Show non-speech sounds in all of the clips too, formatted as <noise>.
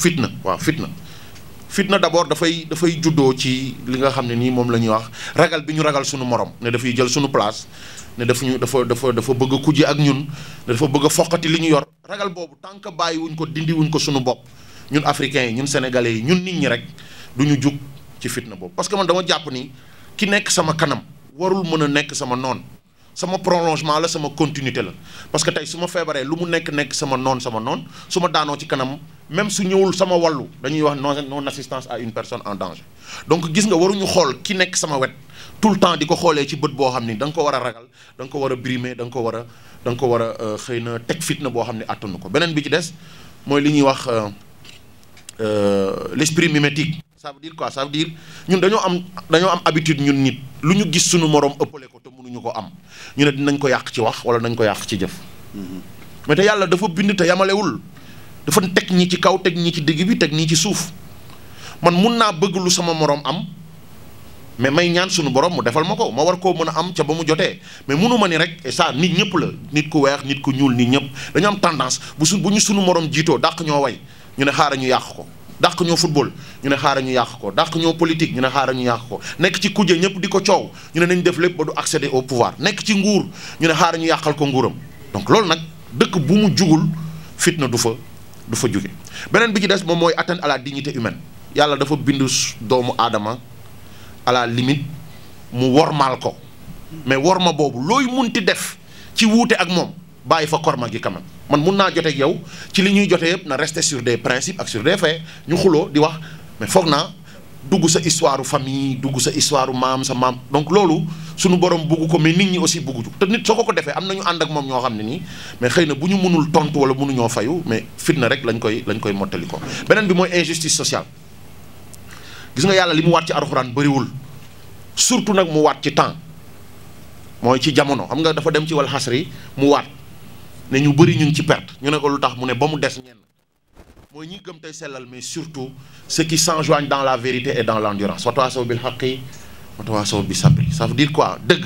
fitna wa fitna fitna d'abord da fay juddo ci li nga xam ni mom lañuy wax ragal biñu ragal suñu morom ne fay jël suñu place ne daf ñu dafa dafa dafa bëgg kujji ak ñun ne dafa bëgg a li ñu yor ragal bobu tank que wuñ ko dindi wuñ ko suñu bop ñun africain yi ñun sénégalais yi ñun nit ñi rek duñu juk ci fitna bobu parce que man dama japp ni ki nekk sama kanam warul mëna nekk sama non, sama prolongement la sama continuité la parce que tay suma ma lu mu nekk nekk sama non, sama non, suma daano ci kanam même su ñëwul sama wàllu dañuy wax non non assistance à une personne en danger donc gis nga waruñu xool ki nekk sama wet tout le temps di ko xoolee ci bët boo xam ni da ko war a ragal da ko war a brimer da ko war a da ko war a euh, xëy na teg fitna boo xam ne attanu ko beneen bi ci des mooy li ñuy wax euh, euh, l'esprit mimétique. ça veut dire quoi ça veut dire ñun dañoo am dañoo am habitude ñun nit lu ñu gis suñu morom ëppale ko te mënuñu ko am ñu ne dinañ ko yàq ci wax wala nañ ko yàq ci jëf mm-hmm. mais te yàlla dafa bind te yamalewul. dafa teg ñi ci kaw teg ñi ci digg bi teg ñi ci suuf man mun naa bëgg lu sama moroom am mais may ñaan suñu borom mu defal ma ko ma war koo mën a am ca ba mu jotee mais munu ma ni rek et nit ñëpp la nit ku weex nit ku ñuul nit ñëpp dañu am tendance bu su bu ñu sunu morom jiitoo dàq ñoo way ñu ne xaaral ñu yàq ko dàq ñoo football ñu ne xaaral ñu yàq ko dàq ñoo politique ñu ne xaaral ñu yàq ko nekk ci kuje ñëpp di ko coow ñu ne nañ def lépp ba du accéder au pouvoir nekk ci nguur ñu ne xaaral ñu yàqal ko nguuram donc loolu nag dëkk bu mu jugul fitna du fa du fa jóge beneen bi ci des moom mooy atteinte à la dignité humaine yàlla dafa bindu doomu aadama à la limite mu wormaal ko mais worma boobu looy ti def ci wuute ak moom bàyyi fa korma gi quand man mun naa joteeg yow ci li ñuy jotee yëpp na rester sur des principes ak sur des faits ñu xuloo di wax foog naa dugg sa histoire famille dugg sa histoire maam sa mam donc sunu suñu borom bugu ko mais nit ñi aussi bugu te nit soko ko defé amna am ñu and ak mom ño xamni ni mais xeyna buñu mënul tontu wala ño fayu mais fitna rek lañ koy lañ koy mottali ko bi moy injustice sociale gis nga yalla limu wat ci ci bari wul surtout nak mu wat ci temps moy ci jamono xam nga dafa dem ci wal hasri mu wat ne ñu bari ñu ci perte ñu ne ko lutax mu ne ba mu des ñen mooy ñi gëm tey sellal mais surtout ceux qui s'enjoignent dans la vérité et dans l'endurance wa tawaasaw bil haqqi wa tawaasaw bis sabri ça veut dire quoi dëgg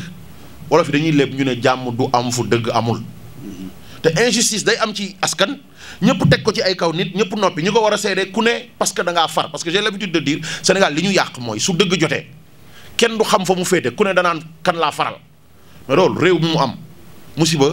wolof yi dañuy lépp ñu ne jàmm du am fu dëgg amul te injustice day am ci askan ñëpp teg ko ci ay kaw nit ñëpp noppi ñu ko war a seede ku ne parce que da ngaa far parce que j'ai l'habitude de dire Sénégal li ñu yàq mooy su dëgg jotee kenn du xam fa mu féete ku ne danaan kan la faral mais loolu réew mu am musiba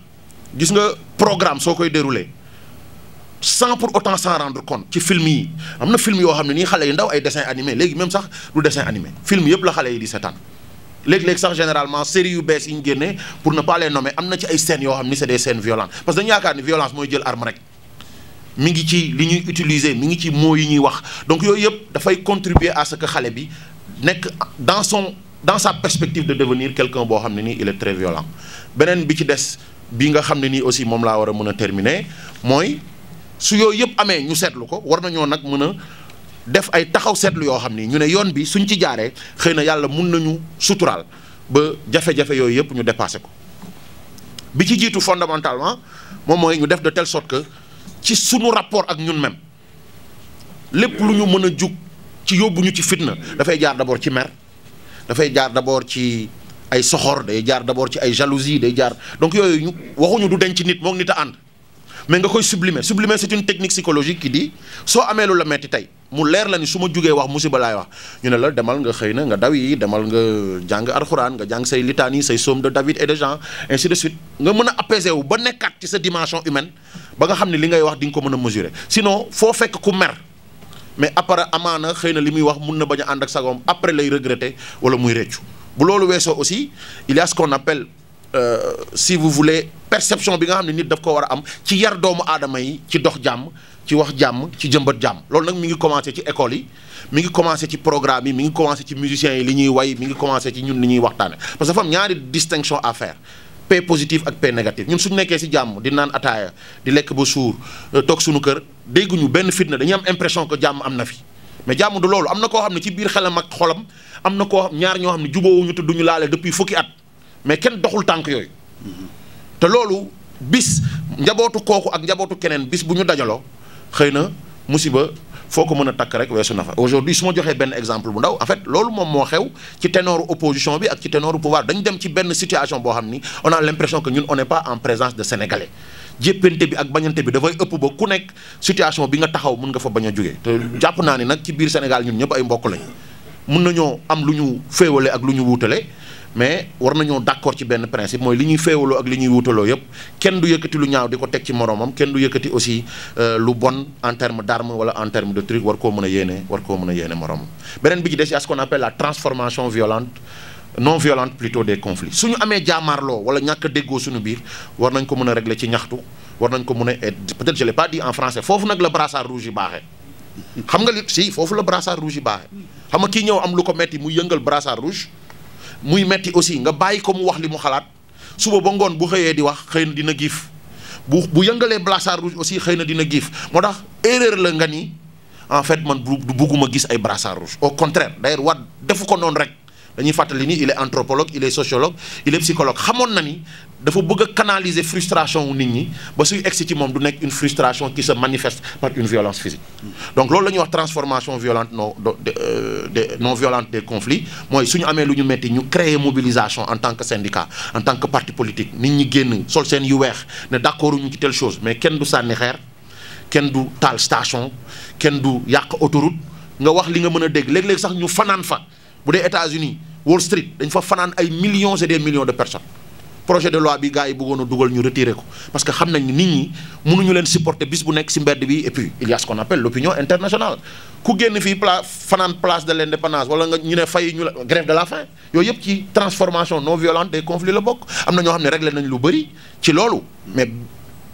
gis nga programme soo koy déroulé sans pour autant s'en rendre compte ci film yi am na film yoo xam ne nii xale yu ndaw ay dessin animé léegi même sax du dessin animé film yëpp la xale yi di seetaan léegi-léegi sax généralement série yu bees yi ñu génnee pour ne pas les nommer am na ci ay scènes yoo xam ni c'est des scènes violentes parce que dañu yaakaar ni violence mooy jël arme rek mi ngi ci li ñuy utiliser mi ngi ci mots yi ñuy wax donc yooyu yëpp dafay contribuer à ce que xale bi nekk dans son dans sa perspective de devenir quelqu'un boo xam ne nii il est très violent beneen bi ci des bi nga xam ne nii aussi moom laa war a mën a terminer mooy su yooyu yëpp amee ñu seetlu ko war nañoo nag mën a def ay taxaw seetlu yoo xam ni ñu ne yoon bi suñ ci jaaree xëy na yàlla mun nañu suturaal ba jafe-jafe yooyu yëpp ñu dépassé ko bi ci jiitu fondamentalement moom mooy ñu def de telle sorte que ci sunu rapport ak ñun même lépp lu ñu mën a jug ci yóbbu ñu ci fitna dafay jaar d'abord ci mer dafay jaar d'abord ci. ay soxor day jaar d'abord ci ay jalousie day jaar donc yooyu ñu waxuñu du denc nit moom nit a ànd mais nga koy sublimer sublimer c'est une technique psychologique qui dit soo amee lu la metti tey mu leer la ni su ma jugee wax musiba laay wax ñu ne la demal nga xëy na nga daw yi demal nga jàng alxuraan nga jàng say litanie say psaume de David et de Jean ainsi de suite nga mën a apaiser wu ba nekkaat ci sa dimension humaine ba nga xam ne li ngay wax di nga ko mën a mesurer sinon foo fekk ku mer mais après amaana xëy na li muy wax mun na bañ a ànd ak sagoom après lay regretter wala muy réccu bu loolu weesoo aussi il y a ce qu'on appelle euh, si vous voulez perception bi nga xamni nit daf ko wara am ci yar doomu aadama yi ci dox jam ci wax jam ci jëmbat jam loolu nak mi ngi commencé ci école yi mi ngi commencé ci programme yi mi ngi commencé ci musiciens yi li ñuy way mi ngi commencé ci ñun li ñuy waxtane parce que fam ñaari distinction à faire P positif ak P négatif ñun suñu nekké ci jam di nan ataya di lek ba sour euh, tok suñu kër ñu ben fitna dañuy am impression que jam am na fi mais du loolu am ci biir xolam depuis fukki at mais kenn doxul tànk yooyu te bis ak bis musiba rek aujourd'hui su ma joxee benn exemple bu ndaw en fait loolu moom moo xew ci ténoru opposition bi ak ci ténoru pouvoir dañ dem ci situation boo on a l'impression que n'est pas en présence de sénégalais jéppante bi ak bañante bi dafay ëpp ba ku nekk situation bi nga taxaw mun nga fa bañ a jógee te jàpp naa ne nag ci biir Sénégal ñun ñëpp ay mbokk lañ mun na ñoo am lu ñu féewale ak lu ñu wuutale mais war nañoo d'accord ci benn principe mooy li ñuy féewaloo ak li ñuy wuutaloo yëpp kenn du yëkkati lu ñaaw di ko teg ci moroomam kenn du yëkkati aussi euh, lu bon en terme d'arme wala en terme de truc war koo mën a yéene war koo mën a yéene moroomam beneen bi ci des ce qu'on la transformation violente non violente plutôt des conflits suñu amé diamarlo wala ñàkk déggo suñu biir war nañ ko mëna régler ci ñaxtu war nañ ko mëna peut-être je l'ai pas dit en français Fofu nak le brassard rouge yi baxé xam nga li si fofu le brassard rouge yi baxé xam nga kii ñëw am lu ko metti mu yëngal brassard rouge muy metti aussi nga bayyi ko mu wax li mu xalaat suba ba ngoon bu xëyee di wax xëy dina gif bu bu brassard rouge aussi xëy dina gif motax erreur la nga ni en fait man bu, bugguma gis ay brassard rouge au contraire d'ailleurs Wade defu ko non rek ni il est anthropologue il est sociologue il est psychologue Il faut ni dafa bëgg canaliser frustration wu nit ñi ba suy une frustration qui se manifeste par une violence physique donc loolu la wax transformation non euh, non violente des conflits moy suñu amé une metti créer mobilisation en tant que syndicat en tant que parti politique nit ñi génn sol sen yu ne d'accord ñu ci telle chose mais kenn du sanni xeer du tal station kenn du yak autoroute nga wax li nga mëna dégg lég lég sax ñu fa bu États-Unis Wall Street il y a des millions et des millions de personnes projet de loi bi gars yi ñu retirer ko parce que xamnañ ni nit ñi mënuñu leen supporter bis bu nek ci bi et puis il y a ce qu'on appelle l'opinion internationale ku génn fi pla place de l'indépendance wala nga ñu ne fay ñu grève de la faim yooyu yëpp ci transformation non violente des conflits nous bokk amna ñoo xam régler nañ mais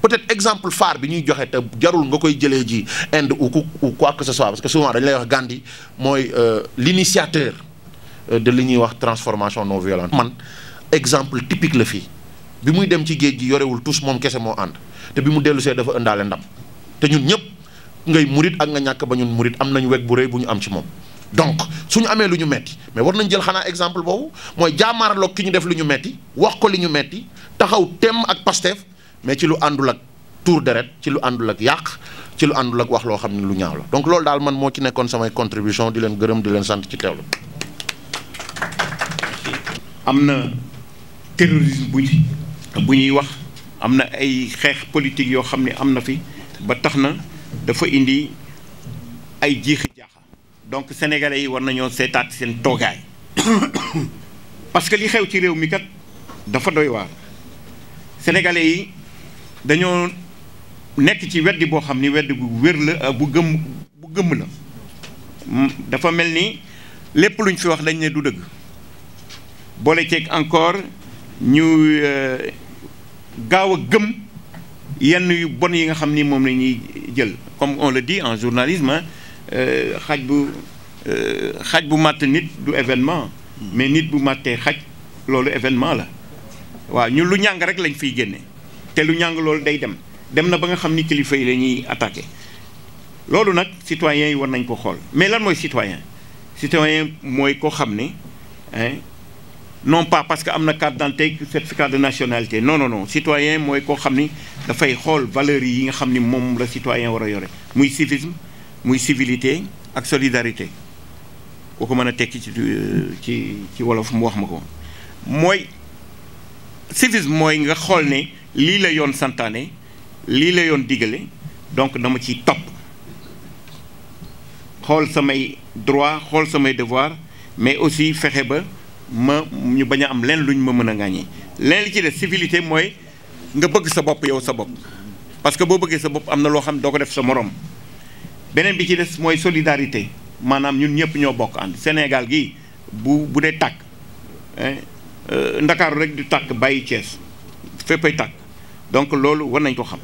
peut-être exemple phare bi ñuy joxe te jarul nga koy ou quoi que ce soit parce que souvent dañ lay wax Gandhi euh, l'initiateur Euh, de li ñuy wax transformation non violente. man exemple typique la fii bi muy dem ci géej gi yorewul tous moom kese moo ànd te bi mu dellu see dafa ëndaale ndam te ñun ñëpp ngay murit ak nga ñàkk ba ñun murit am nañu weg bu rëy bu ñu am ci moom. donc suñu amee lu ñu metti mais war nañ jël xanaa exemple boobu mooy jaamaarloog ki ñu def lu ñu metti wax ko li ñu metti taxaw temm ak Pastef mais ci lu àndul ak tour deret ci lu àndul ak yàq ci lu àndul ak wax loo xam ne lu ñaaw la donc loolu daal ci nekkoon samay contribution di gërëm di leen sant ci teewlu Il terrorisme bu buñuy wax amna ay politique yo xamné amna fi ba taxna dafa indi donc sénégalais yi war nañu sen togay, parce que li xew ci rew mi kat dafa doy war sénégalais yi dañoo nekk ci weddi bo wedd ah, bu la bu bu la dafa mel boole ceeg encore ñu euh, gaaw a gëm yenn yu bon yi nga xam ni moom la ñuy jël comme on le dit en journalisme hein, euh, xaj bu euh, xaj bu màtt nit du événement mais nit bu màttee xaj loolu événement la waaw ñu lu ñàng rek lañ fiy génne te lu ñàng loolu day dem dem na ba nga xam ni kilifa yi la ñuy attaqué loolu nag citoyen yi war nañ ko xool mais lan mooy citoyen citoyen mooy ko xam ne non pas parce que am carte d'identité carte de nationalité non non non citoyen mooy koo xam ni dafay xool valeurs yi nga xam ni moom la citoyen war a yore civisme muy civilité ak solidarité koo ko mën a tekki ci ci ci wolof mu wax ma ko civisme mooy nga xool ne lii la yoon santaane lii la yoon digale donc dama ciy top. xool samay droit xool samay devoir mais aussi fexe ba ma ñu bañ a am leen luñ ma mën a ŋàññi leen li ci des civilité mooy nga bëgg sa bopp yow sa bopp parce que boo bëggee sa bopp am na loo xam doo ko def sa morom beneen bi ci des mooy solidarité maanaam ñun ñëpp ñoo bokk ànd Sénégal gi bu bu dee tàkk euh, ndakaaru rek du tàkk bàyyi Thiès féppay tàkk donc loolu war nañ ko xam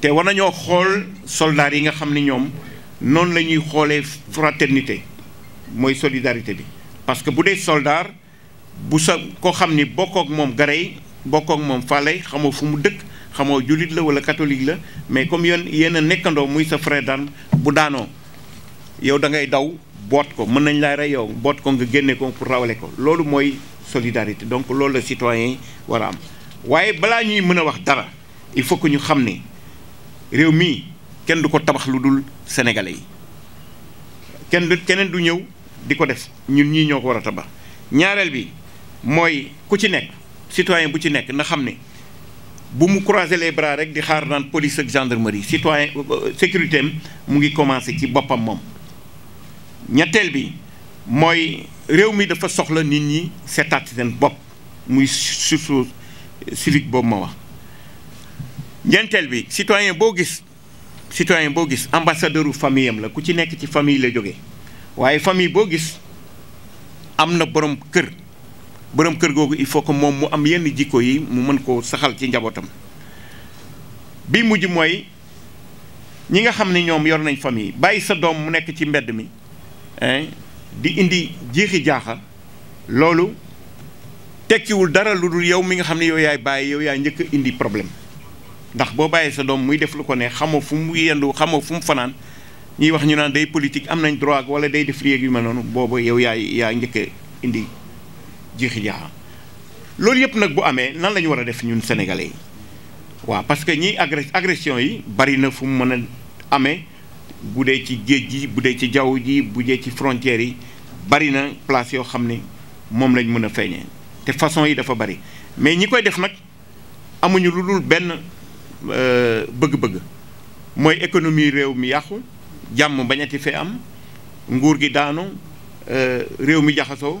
te war nañoo xool soldats yi nga xam ni ñoom noonu la ñuy xoolee fraternité mooy solidarité bi parce que bu dee soldat bu sa ko xam ni bokkook moom garey bokkook moom fàllay xamoo fu mu dëkk xamoo jullit la wala catholique la mais comme yoon yéen a nekkandoo muy sa frère d'arme bu daanoo yow da ngay daw boot ko mën nañ laa rey yow boot ko nga génne ko pour rawale ko loolu mooy solidarité donc loolu la citoyen war a am waaye balaa ñuy mën a wax dara il faut que ñu xam ni réew mii kenn du ko tabax lu dul sénégalais yi kenn du keneen du ñëw di ko def ñun ñii ñoo ko war a tabax ñaareel bi moy ku ci citoyen bu ci na bu mu les bras rek di xaar nan police gendarmerie citoyen euh, euh, sécurité commence mu ngi commencer ci bopam mom ñettel bi moy rew mi dafa soxla nit ñi seetaat seen muy surtout civique ma wax bi citoyen gis citoyen gis ambassadeur famille la ku ci ci famille la waye famille je gis borom kër googu il faut que moom mu am yenn jikko yi mu mën koo saxal ci njabootam bi mujj mooy ñi nga xam ne ñoom yor nañ famille bàyyi sa doom mu nekk ci mbedd mi di indi jiixi jaaxa loolu tekkiwul dara lu dul yow mi nga xam ne yow yaay bàyyi yow yaa njëkk indi problème ndax boo bàyyee sa doom muy def lu ko ne xamoo fu mu yendu xamoo fu mu fanaan ñuy wax ñu naan day politique am nañ droit wala day def léegi yu mel noonu boobu yow yaay yaa njëkk indi jiixi jaaxa loolu yëpp nag bu amee nan la ñu war a def ñun sénégalais yi waaw parce que ñi agression yi bari na fu mu mën a amee bu dee ci géej gi bu dee ci jaww ji bu dee ci frontière yi bari na place yoo xam ne moom lañ mën a feeñee te façon yi dafa bari mais ñi koy def nag amuñu lu dul benn euh, bëgg-bëgg mooy économie réew mi yàqu jàmm bañati fee am nguur gi daanu euh, réew mi jaxasoo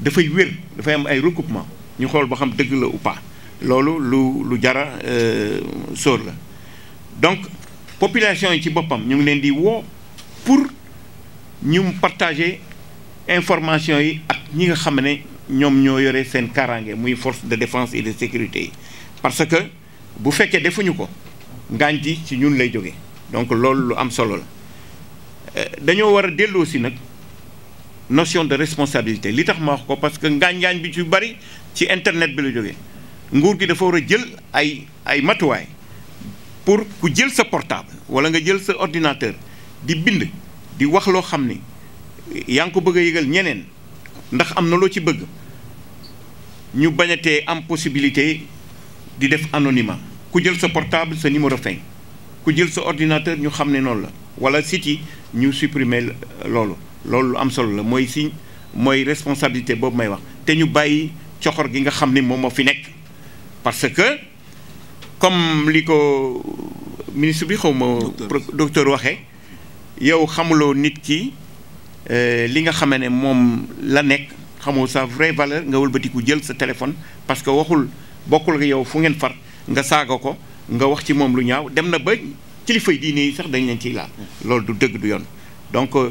dafay wér dafay am ay recoupement ñu xool ba xam dëgg la ou pas loolu lu lu jara euh, sóor la donc population yi ci boppam ñu ngi leen di woo pour ñu partager information yi ak ñi nga xam ne ñoom ñoo yore seen muy force de défense et de sécurité yi parce que bu fekkee defuñu ko ngaañ ji ci ñun lay jóge donc loolu am solo la euh, dañoo war a delloo notion de responsabilité li tax ma wax ko parce que ngaañ-ngaañ bi ci bari ci internet bi la jógee nguur bi dafa war a jël ay ay matuwaay pour ku jël sa portable wala nga jël sa ordinateur di bind di wax loo xam ni yaa ngi ko bëgg a yëgal ñeneen ndax am na loo ci bëgg ñu bañatee am possibilité di def anonymat ku jël sa portable sa numéro feeñ ku jël sa ordinateur ñu xam ne noonu la wala site yi ñu supprimer loolu loolu lu am solo la mooy si mooy responsabilité boobu may wax te ñu bàyyi coxor gi nga xam ni moom moo fi nekk parce que comme li ko ministre bi xaw ma docteur waxee yow xamuloo nit ki euh, li nga xamee ne moom la nekk xamul sa vrai valeur nga wëlbatiku jël sa téléphone parce que waxul bokkul ak yow fu ngeen far nga saaga ko nga wax ci moom lu ñaaw dem na ba kilifa yi diine yi sax dañ leen ciy laa mm. loolu du dëgg du yoon euh,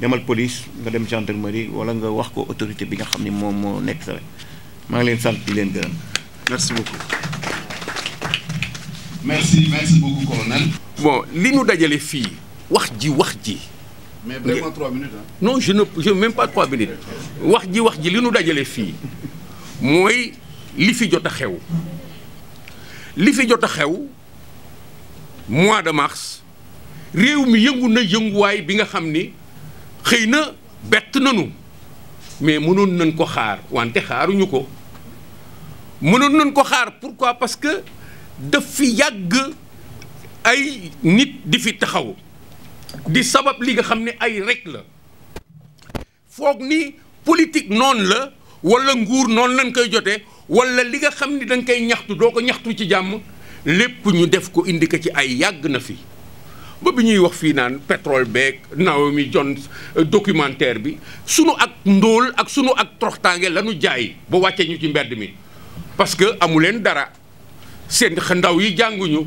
demal police nga dem gendarmerie wala nga wax ko autorité bi nga xam ni moom moo nekk sa maa ngi leen sant di leen gërëm. merci beaucoup. merci merci bon li ñu dajale fii wax ji wax ji. mais vraiment trois minutes hein? non je ne je même pas trois minutes wax ji wax ji li ñu dajale fii mooy li fi jot a xew li fi jot a xew mois de mars réew mi yëngu na yënguwaay bi nga xam ni. xëy na bett nanu mais mënul nañ ko xaar wante xaaruñu ko mënoon nañ ko xaar pourquoi parce que daf fi yàgg ay nit di fi taxaw di sabab li nga xam ne ay rekk la foog ni politique noonu la wala nguur noonu lañ koy jote walla li nga xam ni danga koy ñaxtu doo ko ñaxtu ci jàmm lépp ñu def ko indi ko ci ay yàgg na fi ba bi ñuy wax fii naan pétrole beeg Naomi jon euh, documentaire bi sunu ak ndóol ak sunu ak tàngee lañu jaay ba wàccee ñu ci mbedd mi parce que amu leen dara seen xa ndaw yi jànguñu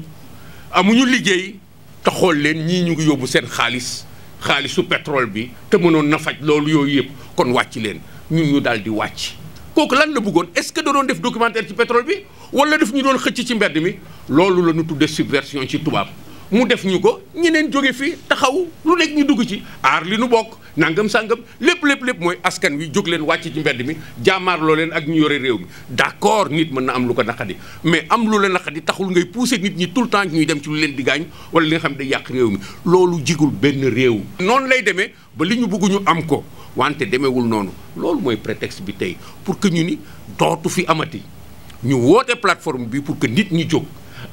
amuñu liggéey te xool leen ñii ñu ngi yóbbu seen xaalis xaalisu pétrole bi te mënoon na faj loolu yooyu yëpp kon wàcc leen ñun ñu daal di wàcc kooku lan la buggoon est-ce que da doon def documentaire ci pétrole bi wala daf ñu doon xëcc ci mbedd mi loolu la ñu tudde subversion ci tubaab mu def ñu ko ñeneen jóge fi taxaw lu nekk ñu dugg ci aar li nu bokk nangam sangam lépp lépp lépp mooy askan wi jóg leen wàcc ci mbedd mi jaamaarloo leen ak ñu yore réew mi d'accord nit mën na am lu ko naqadi mais am lu la naqadi taxul ngay pousser nit ñi tout le temps ñuy dem ci lu leen di gaañ wala li nga xam ne yàq réew mi loolu jigul benn réew. noonu lay demee ba li ñu bëgg ñu am ko wante demeewul noonu loolu mooy prétexte bi tey pour que ñu ni dootu fi amati ñu woote plateforme bi pour que nit ñi jóg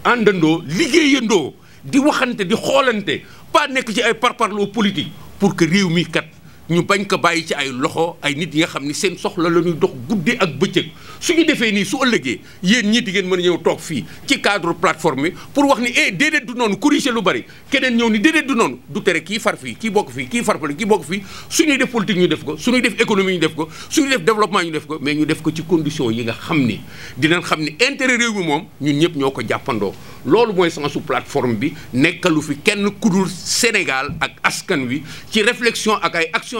àndandoo liggéeyandoo. di waxante di xoolante pas nekk ci ay parparloo politique pour que réew mi kat. ñu bañ ko bàyyi ci ay loxo ay nit yi nga xam ni seen soxla la ñuy dox guddi ak bëccëg su ñu defee nii su ëllëgee yéen ñi di ngeen mën a ñëw toog fii ci cadre plateforme bi pour wax ni eh déedéet du noonu corriger lu bari keneen ñëw ni déedéet du noonu du tere kii far fii kii bokk fii kii far fii kii bokk fii su ñuy def politique ñu def ko su ñuy def économie ñu def ko su ñuy def développement ñu def ko mais ñu def ko ci condition yi nga xam ni dinañ xam ni intérêt réew mi moom ñun ñëpp ñoo ko jàppandoo loolu mooy sensu plateforme bi nekkalu fi kenn kudul Sénégal ak askan wi ci réflexion ak ay action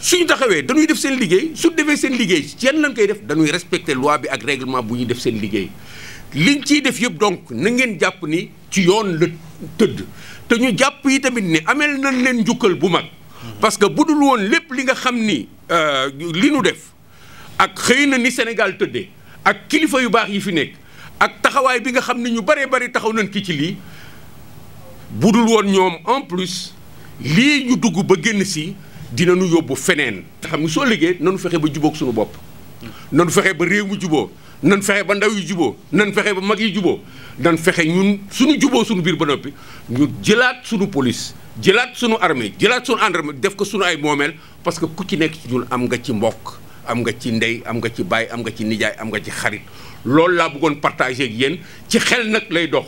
suñu taxawee dañuy def seen liggéey su defee seen liggéey yan lañ koy def dañuy respecter loi bi ak règlement bu ñu def seen liggéey liñ ciy def yëpp donc na ngeen jàpp ni ci yoon la tëdd te ñu jàpp yi tamit ne ameel nañ leen njukkal bu mag. parce que bu dul woon lépp li nga xam ni euh, li nu def ak xëy na ni Sénégal tëddee ak kilifa yu baax yi fi nekk ak taxawaay bi nga xam ni ñu baree bari taxaw nañ ki ci lii bu dul woon ñoom en plus lii ñu dugg ba génn si. dina nu yóbbu feneen. xam nga soo liggéey nanu fexe ba jubook suñu bopp. nanu fexe ba réew mi juboo nanu fexe ba ndaw yi juboo nan fexe ba mag yi juboo nan fexe ñun suñu juboo suñu biir ba noppi ñu jëlaat sunu police jëlaat suñu armée jëlaat suñu àndarme def ko sunu ay moomeel parce que ku ci nekk ci ñun am nga ci mbokk am nga ci ndey am nga ci baay am nga ci nijaay am nga ci xarit loolu laa bëggoon partagé ak yéen ci xel nag lay dox.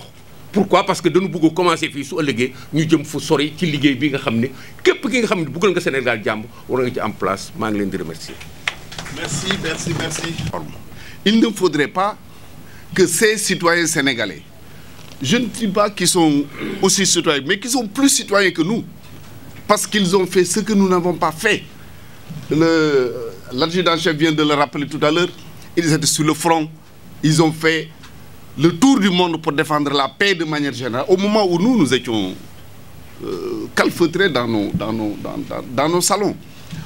pourquoi parce que nous nous a commencé fi su ëllëgee ñu jëm fu sori ci liggéey bi nga xamné ne képp ki nga xamné ne nga Sénégal le war nga ci en place ma ngi leen remercier. merci merci merci. il ne faudrait pas que ces citoyens sénégalais je ne dis pas qu'ils sont aussi citoyens mais qu'ils sont plus citoyens que nous parce qu'ils ont fait ce que nous n'avons pas fait le l'adjudant-chef vient de le rappeler tout à l'heure ils étaient sur le front ils ont fait le tour du monde pour défendre la paix de manière générale, au moment où nous, nous étions euh, calfeutrés dans nos, dans, nos, dans nos salons.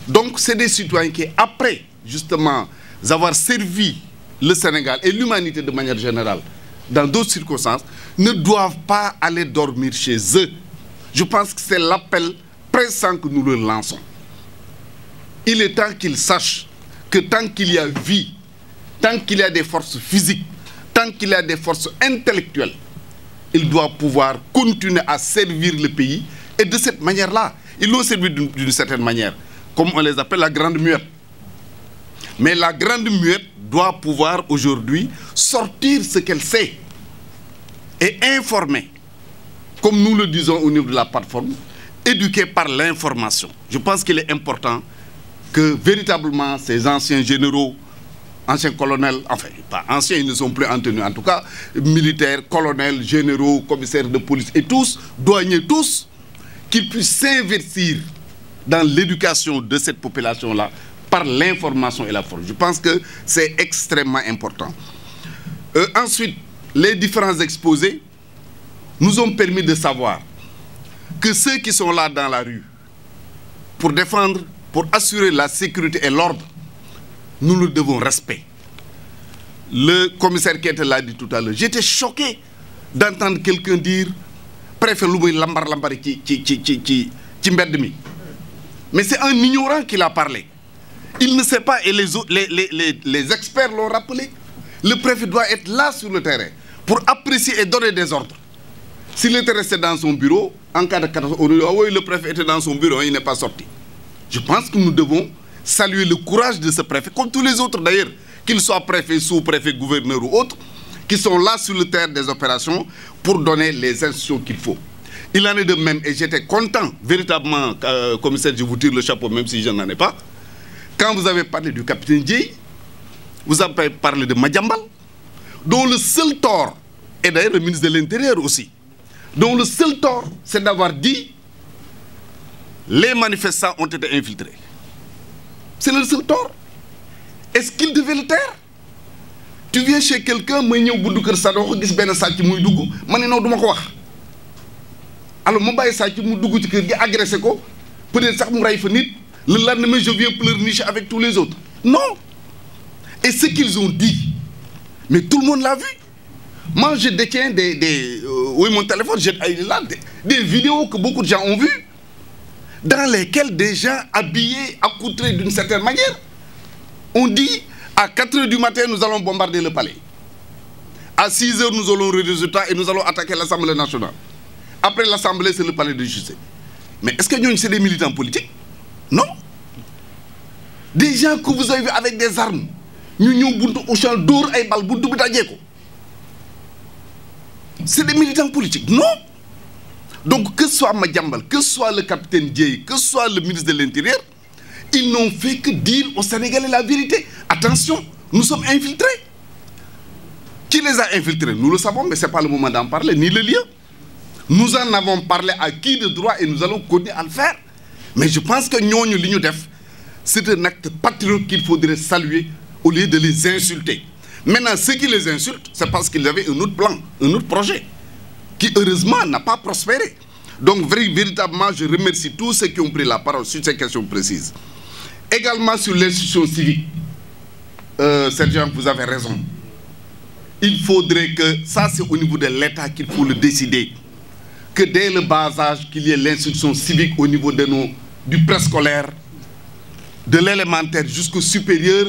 Donc, c'est des citoyens qui, après, justement, avoir servi le Sénégal et l'humanité de manière générale, dans d'autres circonstances, ne doivent pas aller dormir chez eux. Je pense que c'est l'appel pressant que nous leur lançons. Il est temps qu'ils sachent que tant qu'il y a vie, tant qu'il y a des forces physiques, tant qu'il a des forces intellectuelles, il doit pouvoir continuer à servir le pays. Et de cette manière-là, ils l'ont servi d'une certaine manière, comme on les appelle la grande muette. Mais la grande muette doit pouvoir aujourd'hui sortir ce qu'elle sait et informer, comme nous le disons au niveau de la plateforme, éduquer par l'information. Je pense qu'il est important que véritablement ces anciens généraux ancien colonel, enfin, pas anciens, ils ne sont plus en en tout cas, militaires, colonels, généraux, commissaires de police et tous, douaniers tous, qu'ils puissent s'investir dans l'éducation de cette population-là par l'information et la force. Je pense que c'est extrêmement important. Euh, ensuite, les différents exposés nous ont permis de savoir que ceux qui sont là dans la rue pour défendre, pour assurer la sécurité et l'ordre, nous le devons respect. Le commissaire qui était l'a dit tout à l'heure. J'étais choqué d'entendre quelqu'un dire préfet Louboy Lambar Lambar qui, Mais c'est un ignorant qui l'a parlé. Il ne sait pas et les, les, experts l'ont rappelé. Le préfet doit être là sur le terrain pour apprécier et donner des ordres. S'il était resté dans son bureau, en cas de catastrophe, ah le préfet était dans son bureau, hein, il n'est pas sorti. Je pense que nous devons saluer le courage de ce préfet, comme tous les autres d'ailleurs, qu'ils soient préfets, sous-préfets, gouverneurs ou autres, qui sont là sur le terrain des opérations pour donner les instructions qu'il faut. Il en est de même, et j'étais content, véritablement, euh, commissaire, je vous tire le chapeau, même si je n'en ai pas. Quand vous avez parlé du capitaine J, vous avez parlé de Madjambal, dont le seul tort, et d'ailleurs le ministre de l'Intérieur aussi, dont le seul tort, c'est d'avoir dit les manifestants ont été infiltrés. C'est le seul tort. Est-ce qu'il devait le taire tu viens chez quelqu'un may ñëw buntu kër Sadokh gis benn sàcc muy dugg ma ne non du pas. alors je vais sàcc mu dugg ci kër gi agressé ko peut-être sax mu le lendemain je viens pleurnicher avec tous les autres non et ce qu'ils ont dit mais tout le monde l'a vu moi je détiens des des euh, oui mon téléphone j'ai là des, des vidéos que beaucoup de gens ont vues dans lesquels des gens habillés, accoutrés d'une certaine manière, ont dit à 4 h du matin, nous allons bombarder le palais. À 6 h nous allons le résultat et nous allons attaquer l'Assemblée nationale. Après l'Assemblée, c'est le palais de justice. Mais est-ce que nous, c'est des militants politiques Non. Des gens que vous avez vu avec des armes. Nous, au champ d'or, et C'est des militants politiques. Non. Donc que soit Madiambal, que soit le capitaine Dieye, que soit le ministre de l'Intérieur, ils n'ont fait que dire aux Sénégalais la vérité. Attention, nous sommes infiltrés. Qui les a infiltrés Nous le savons, mais ce n'est pas le moment d'en parler, ni le lieu. Nous en avons parlé à qui de droit et nous allons continuer à le faire. Mais je pense que c'est un acte patriotique qu'il faudrait saluer au lieu de les insulter. Maintenant, ceux qui les insultent, c'est parce qu'ils avaient un autre plan, un autre projet qui heureusement n'a pas prospéré. Donc véritablement, je remercie tous ceux qui ont pris la parole sur ces questions précises. Également sur l'instruction civique, euh, vous avez raison. Il faudrait que, ça c'est au niveau de l'État qu'il faut le décider, que dès le bas âge, qu'il y ait l'instruction civique au niveau de nos, du préscolaire, de l'élémentaire jusqu'au supérieur,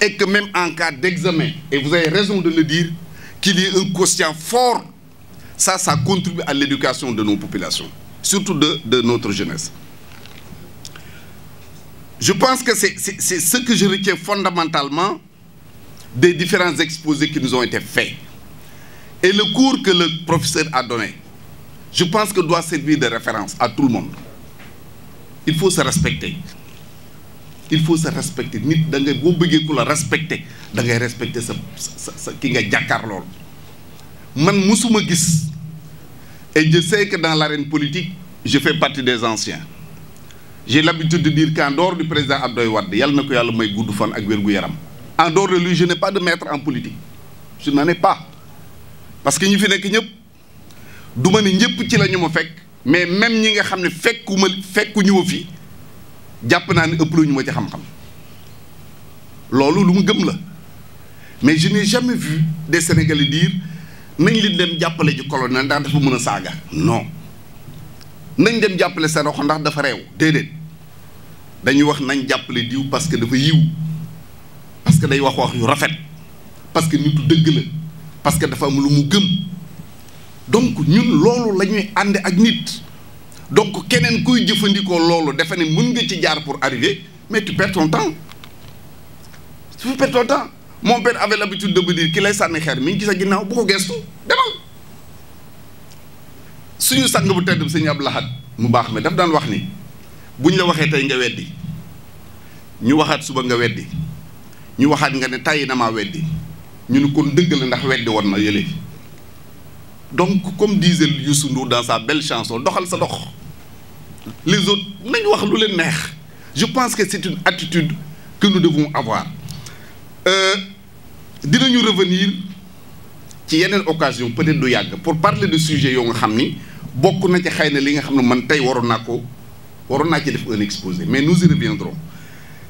et que même en cas d'examen, et vous avez raison de le dire, qu'il y ait un quotient fort ça, ça contribue à l'éducation de nos populations, surtout de, notre jeunesse. Je pense que c'est ce que je retiens fondamentalement des différents exposés qui nous ont été faits. Et le cours que le professeur a donné, je pense que doit servir de référence à tout le monde. Il faut se respecter. Il faut se respecter. Il faut respecter da respecter ce sa ki man musuma gis et je sais que dans l'arène politique je fais partie des anciens j'ai l'habitude de dire qu'en dehors du président Abdoy Wade yalla nako yalla may goudou fan ak yaram en dehors de lui je n'ai pas de maître en politique je n'en ai pas parce que ñi fi nek ñep du ni ñep ci la ont ma mais même ñi nga xam ne fekku ñu fi japp fait ne ëpp ma ci xam-xam lolu lu mu gëm la mais je n'ai jamais vu des Sénégalais dire nañ li dem jàppale ji colonel ndax dafa mën a saaga non nañ dem jàppale sa roxo ndax dafa reew déedéet dañuy wax nañ jàppale diw parce que dafa yiw parce que day wax wax yu rafet parce que nitu dëgg la parce que dafa am lu mu gëm donc ñun loolu la ñuy ànd ak nit donc keneen kuy jëfandikoo loolu dafa ne mën nga ci jaar pour arriver mais tu perds ton mon père avait l'habitude de me dire qu'il lay sànni xeer mi ngi dit que ginnaaw bu ko gestu demal suñu dit bu tedd mu baax mais daf daan wax ni buñ la waxee dit nga weddi ñu waxaat suba nga weddi ñu waxat nga ne na vous weddi ñu ne kon deugul ndax weddi won na donc comme disait Youssou Ndour dans sa belle chanson sa les autres nañ wax lu leen neex je pense que c'est une attitude que nous devons avoir euh, dinañu revenir ci yeneen occasion peut-être du pour parler de sujets yoo nga xam ni bokk na ci xëy na li nga xam man tey waroon naa ci def un exposé mais nous y reviendrons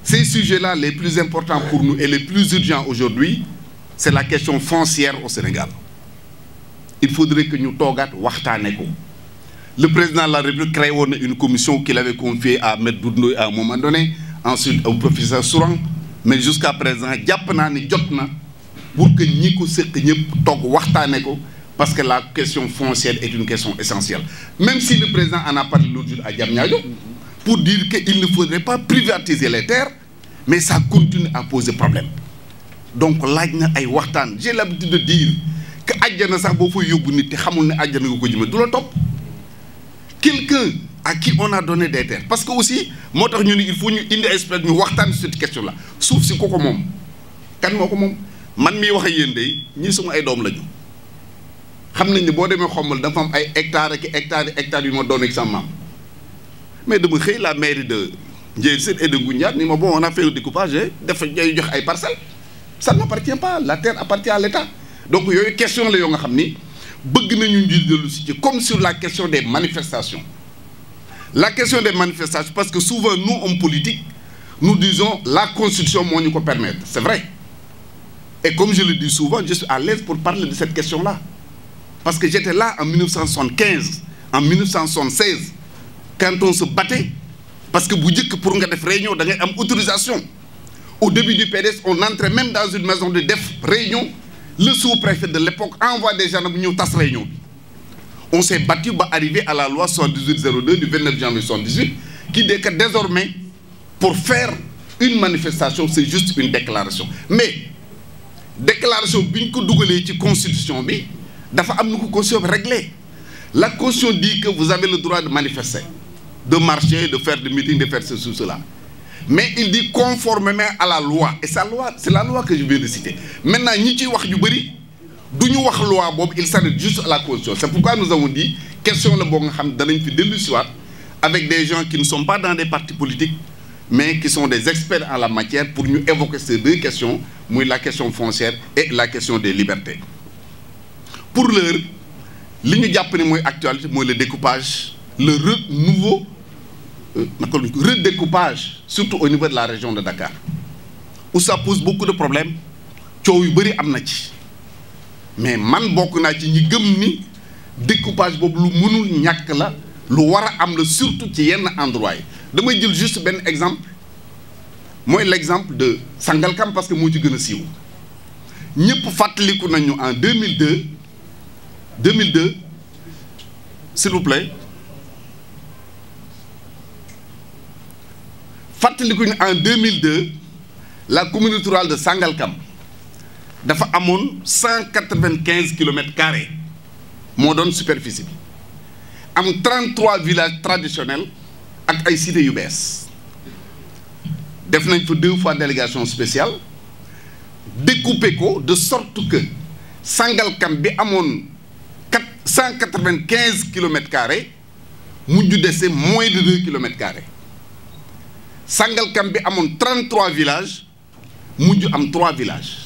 ces sujets-là les plus importants pour nous et les plus urgents aujourd'hui c'est la question foncière au Sénégal il faudrait que ñu toogaat waxtaane ko le président de la République créé une commission qu'il avait confiée à M. Doudou à un moment donné ensuite au professeur Sourang mais jusqu'à présent n'y a ni jot na pour que ñi ko séq ñëpp toog waxtaane ko parce que la question foncière est une question essentielle même si le président en a parlé l'autre jour à Diamniadio pour dire qu'il ne faudrait pas privatiser les terres mais ça continue à poser problème donc laaj na ay waxtaan j'ai l'habitude de dire que àjjana sax boo fa yóbbu nit te xamul ne àjjana nga ko jëme du la quelqu'un à qui on a donné des terres parce que aussi il faut ñu indi espèce ñu cette question là Sauf si on ko quand kan moo man mi waxe yeen yéen de ñii suma ay doom la ñu xam nañ ni boo demee xombal dafa am ay hectares et hectares hectares yu ma doon ak mais dama la mairie de Ndiéyène et de Ngoundiane ni bon on a fait le découpage on hein, a jox ay parcelles ça n'appartient pas la terre appartient à l'État donc yooyu question la yoo nga xam ni bëgg nañu ñu dellu si ci comme sur la question des manifestations la question des manifestations, parce que souvent, nous, en politique, nous disons la Constitution moi, nous permettre. C'est vrai. Et comme je le dis souvent, je suis à l'aise pour parler de cette question-là. Parce que j'étais là en 1975, en 1976, quand on se battait. Parce que vous dites que pour une réunion, y une autorisation. Au début du PDS, on entrait même dans une maison de déf réunion. Le sous-préfet de l'époque envoie des gens à la réunion. On s'est battu pour arriver à la loi 7802 du 29 janvier 78 qui dit que désormais, pour faire une manifestation, c'est juste une déclaration. Mais, déclaration, bien que la constitution, réglée. La constitution dit que vous avez le droit de manifester, de marcher, de faire des meetings, de faire ceci, cela. Mais il dit conformément à la loi. Et loi, c'est la loi que je viens de citer. Maintenant, nous avons il s'agit juste à la constitution c'est pourquoi nous avons dit question la boo nga xam danañ avec des gens qui ne sont pas dans des partis politiques mais qui sont des experts en la matière pour nous évoquer ces deux questions la question foncière et la question des libertés pour l'heure li ñu jàpp le découpage le nouveau euh, surtout au niveau de la région de Dakar où ça pose beaucoup de problèmes coow yu mais man bokk naa ci ñi gëm ni découpage bobu lu mënul ñàkk la lu wara am le surtout ci yenn endroit juste un exemple moy l'exemple de Sangalkam parce que mo ci gëna a fait ñëpp en 2002 2002 s'il vous plaît fàttaliku en 2002 la commune rurale de Sangalkam dafa y km 195 km2. kilomètres superficie 33 villages traditionnels ak ay cités yu bess def deux fois délégation spéciale découper de sorte que Sangalkam bi amone 195 km moins de 2 km carrés Sangalkam bi 33 villages y am 3 villages.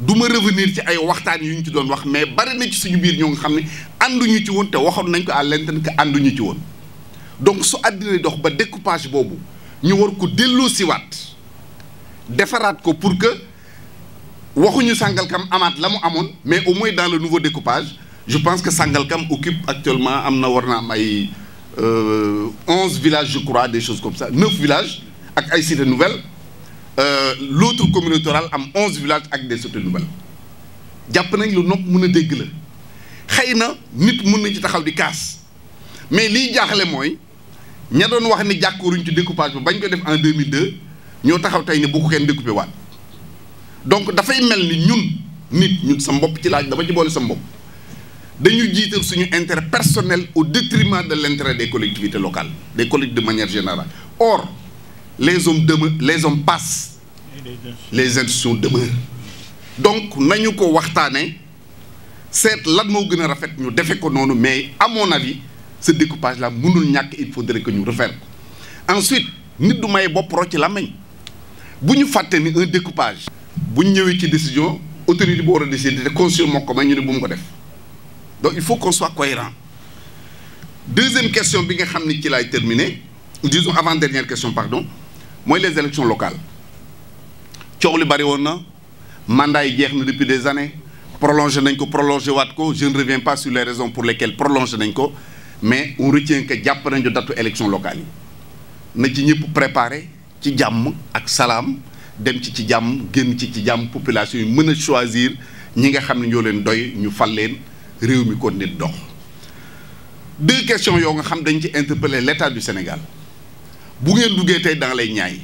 duma revenir ci ay waxtaan yu ñu ci doon wax mais bari na ci suñu biir ñoo nga xam ne ci woon te waxoon nañ ko à l'interne que ànduñu ci woon donc su àddina dox ba découpage boobu ñu war ko delloo defaraat ko pour que waxuñu Sangalkam amaat la mu amoon mais au moins dans le nouveau découpage je pense que Sangalkam occupe actuellement am na war na am ay euh, onze villages je crois des choses comme ça neuf villages ak ay cité nouvelles euh, l'autre communautaire a a villages avec des nouvelles jàpp nañ lu nopp dégg la xeyna nit ci taxaw mais wax ni ci découpage en 2002 ñoo taxaw tay ni bu ko kenn découpé waat donc da fay ni ñun nit ñun sa mbop ci laaj dama ci sa dañu intérêt personnel au détriment de l'intérêt des collectivités locales des collectivités de manière générale or les hommes demeurent les hommes passent les institutions demeurent donc nañu ko waxtaanee cette lan mo gëna rafet ñu défé ko noonu mais à mon avis ce découpage là mënul ñak il faudrait que ñu refaire ensuite nit du may bop rocc làmmiñ bu Buñu faté ni un découpage bu ñëwé ci décision autorité bu war a décider te consul moo ko ñu ne bu mu ko def donc il faut qu'on soit cohérent deuxième question bi nga xam ni ci laay terminer disons avant dernière question pardon moi, les élections locales le bari le mandat depuis des années prolongé prolongé je ne reviens pas sur les raisons pour lesquelles prolonger mais on retient que jàpp nañu élections locales, locale nous na préparé ci à dem ci ci ci ci population choisir ñi nga xam deux questions interpeller l'état du Sénégal bu ngeen dans les Niayes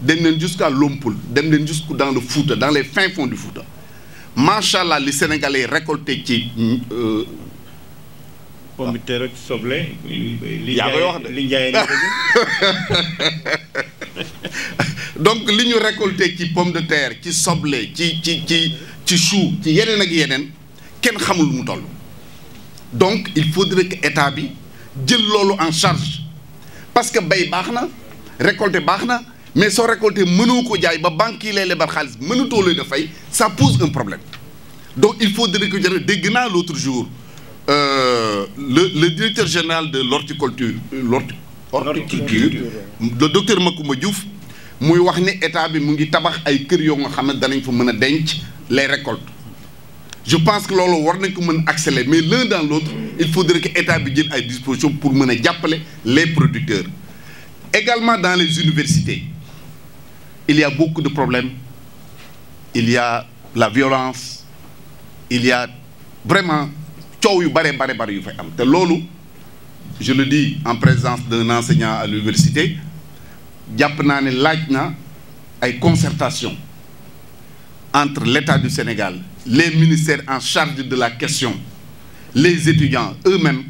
vous êtes jusqu'à Lompoul vous êtes dans le foot, dans les fins fonds du foot. macha les Sénégalais récoltés qui... Euh, pomme de terre qui soble. yaa koy wax <laughs> donc les ñu récolté qui pomme de terre qui soble qui qui qui chou qui yeneen ak yeneen kenn pas le mu donc il faudrait que dit bi jël en charge parce que bay baxna na récolter baax mais son récolter mënoo ko jaay ba banque yi lay lebal xaalis mënatoo leen a fay ça pose un problème donc il faut dire que dégg naa l'autre jour euh, le le directeur général de l'horticulture euh, l'horticulture le docteur Makouma Diouf muy wax ni état bi mu ngi tabax ay kër yo nga xam dañ danañ fa mëna denc les récoltes je pense que l'on doit accélérer mais l'un dans l'autre il faudrait que l'État ait pour mener les producteurs également dans les universités il y a beaucoup de problèmes il y a la violence il y a vraiment je le dis en présence d'un enseignant à l'université il y a une concertation entre l'État du Sénégal les ministères en charge de la question, les étudiants eux-mêmes,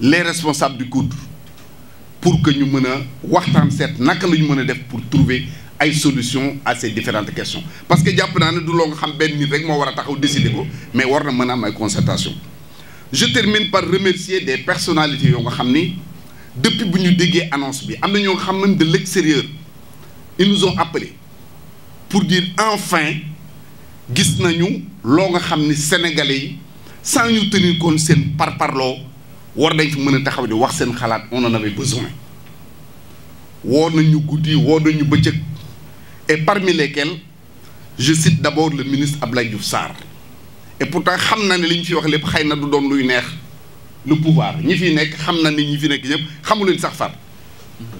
les responsables du cours pour que nous menions waxtaan pour trouver une solution à ces différentes questions parce que nous avons ne du loo nga xam décider mais nous avons mën a concertation je termine par remercier des personnalités qui nga depuis que nous avons annoncé bi nous même de l'extérieur ils nous ont appelés pour dire enfin gis nañu loo nga xam ni sénégalais yi sans ñu tenir compte seen parparloo war nañ fi mën a taxaw di wax seen xalaat on en avait besoin woo nañu guddi woo nañu bëccëg et parmi lesquels je cite d'abord le ministre Abdoulaye Diouf Sarr et pourtant xam na ne li ñu fi wax lépp xëy na du doon luy neex le pouvoir ñi fi nekk xam na ni ñi fi nekk ñëpp xamu sax far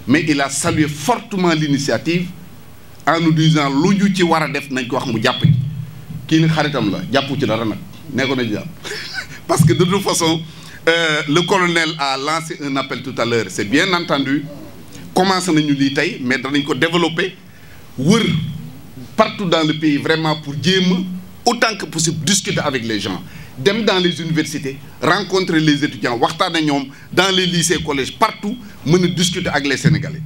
mais il a salué fortement l'initiative en nous disant lu ñu ci war a def nañ ko wax mu jàpp <laughs> parce que de toute façon euh, le colonel a lancé un appel tout à l'heure c'est bien entendu Commence à nous dire, mais développer partout dans le pays vraiment pour autant que possible discuter avec les gens dem dans les universités rencontrer les étudiants dans les lycées collèges partout nous discuter les sénégalais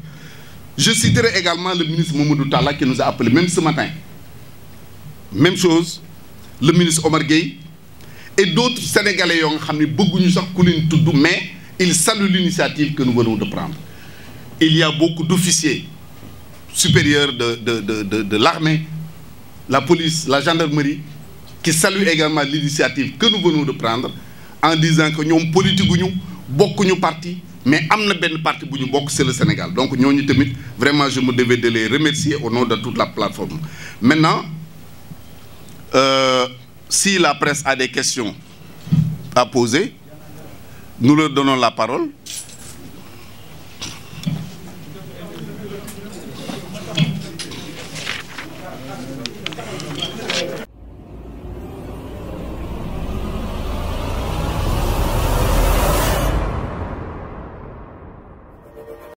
je citerai également le ministre Mamadou Talla qui nous a appelé même ce matin même chose le ministre Omar Gueye et d'autres Sénégalais ont nga beaucoup de mais ils saluent l'initiative que nous venons de prendre il y a beaucoup d'officiers supérieurs de l'armée la police la gendarmerie qui saluent également l'initiative que nous venons de prendre en disant que nous politique politiques, nous sommes parti mais nous sommes benn parti c'est le Sénégal donc vraiment je me devais de les remercier au nom de toute la plateforme maintenant. Euh, si la presse a des questions à poser, nous leur donnons la parole.